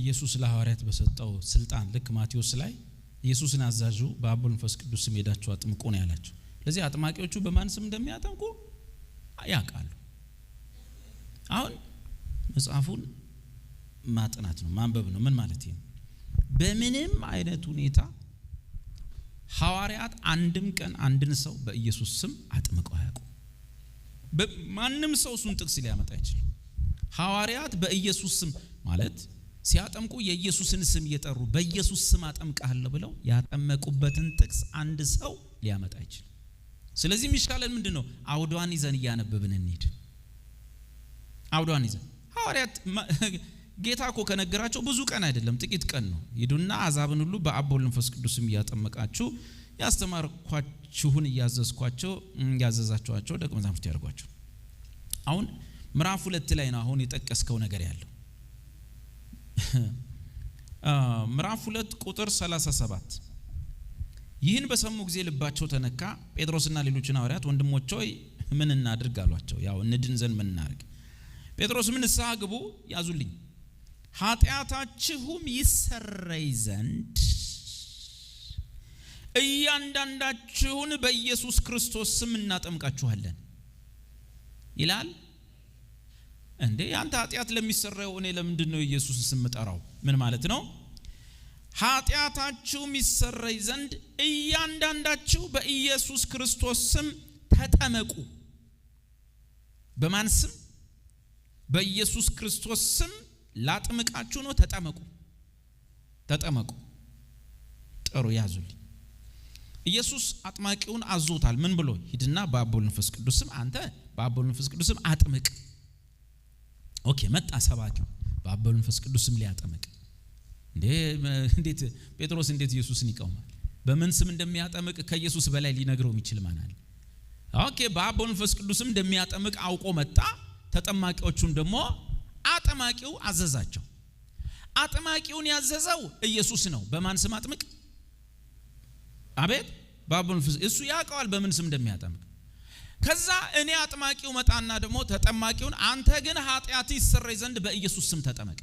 ኢየሱስ ለሐዋርያት በሰጠው ስልጣን ልክ ማቴዎስ ላይ ኢየሱስን አዛዡ በአብ ወልድ ቅዱስ ስም ሄዳችሁ አጥምቁ ነው ያላቸው። ስለዚህ አጥማቂዎቹ በማን ስም እንደሚያጠምቁ ያውቃሉ። አሁን መጽሐፉን ማጥናት ነው ማንበብ ነው። ምን ማለት ነው? በምንም አይነት ሁኔታ ሐዋርያት አንድም ቀን አንድን ሰው በኢየሱስ ስም አጥምቀው አያውቁ። ማንም ሰው እሱን ጥቅስ ሊያመጣ አይችልም። ሐዋርያት በኢየሱስ ስም ማለት ሲያጠምቁ የኢየሱስን ስም እየጠሩ በኢየሱስ ስም አጠምቃለሁ ብለው ያጠመቁበትን ጥቅስ አንድ ሰው ሊያመጣ አይችልም። ስለዚህ የሚሻለን ምንድን ነው? አውዷን ይዘን እያነበብን እንሂድ። አውዷን ይዘን ሐዋርያት ጌታ እኮ ከነገራቸው ብዙ ቀን አይደለም ጥቂት ቀን ነው። ሂዱና አሕዛብን ሁሉ በአብ በወልድ በመንፈስ ቅዱስም እያጠመቃችሁ ያስተማርኳችሁን እያዘዝኳቸው እያዘዛችኋቸው ደቀ መዛሙርት ያደርጓቸው። አሁን ምዕራፍ ሁለት ላይ ነው አሁን የጠቀስከው ነገር ያለው ምዕራፍ ሁለት ቁጥር 37 ይህን በሰሙ ጊዜ ልባቸው ተነካ። ጴጥሮስና ሌሎችን ሐዋርያት ወንድሞች ሆይ ምን እናድርግ አሏቸው። ያው እንድን ዘንድ ምን እናድርግ? ጴጥሮስም ንስሐ ግቡ፣ ያዙልኝ፣ ኃጢአታችሁም ይሰረይ ዘንድ እያንዳንዳችሁን በኢየሱስ ክርስቶስ ስም እናጠምቃችኋለን ይላል እንዴ አንተ ኃጢአት ለሚሰራው እኔ ለምንድን ነው ኢየሱስን ስምጠራው? ምን ማለት ነው? ኃጢአታችሁ የሚሰረይ ዘንድ እያንዳንዳችሁ በኢየሱስ ክርስቶስ ስም ተጠመቁ። በማን ስም? በኢየሱስ ክርስቶስ ስም ላጥምቃችሁ ነው። ተጠመቁ፣ ተጠመቁ። ጥሩ ያዙልኝ። ኢየሱስ አጥማቂውን አዞታል። ምን ብሎ? ሂድና በአብ በወልድ መንፈስ ቅዱስ ስም አንተ በአብ መንፈስ ቅዱስ ስም አጥምቅ ኦኬ መጣ ሰባኪው በአብ መንፈስ ቅዱስም ሊያጠምቅ እንዴት ጴጥሮስ እንዴት ኢየሱስን ይቀውማል? በምን ስም እንደሚያጠምቅ ከኢየሱስ በላይ ሊነግረው የሚችል ማን አለ? ኦኬ በአብ መንፈስ ቅዱስም እንደሚያጠምቅ አውቆ መጣ። ተጠማቂዎቹን ደግሞ አጠማቂው አዘዛቸው። አጥማቂውን ያዘዘው ኢየሱስ ነው። በማን ስም አጥምቅ? አቤት በአብ ወልድ መንፈስ እሱ ያውቀዋል በምን ስም እንደሚያጠምቅ ከዛ እኔ አጥማቂው መጣና ደግሞ ተጠማቂውን አንተ ግን ኃጢአት ይሰረይ ዘንድ በኢየሱስ ስም ተጠመቅ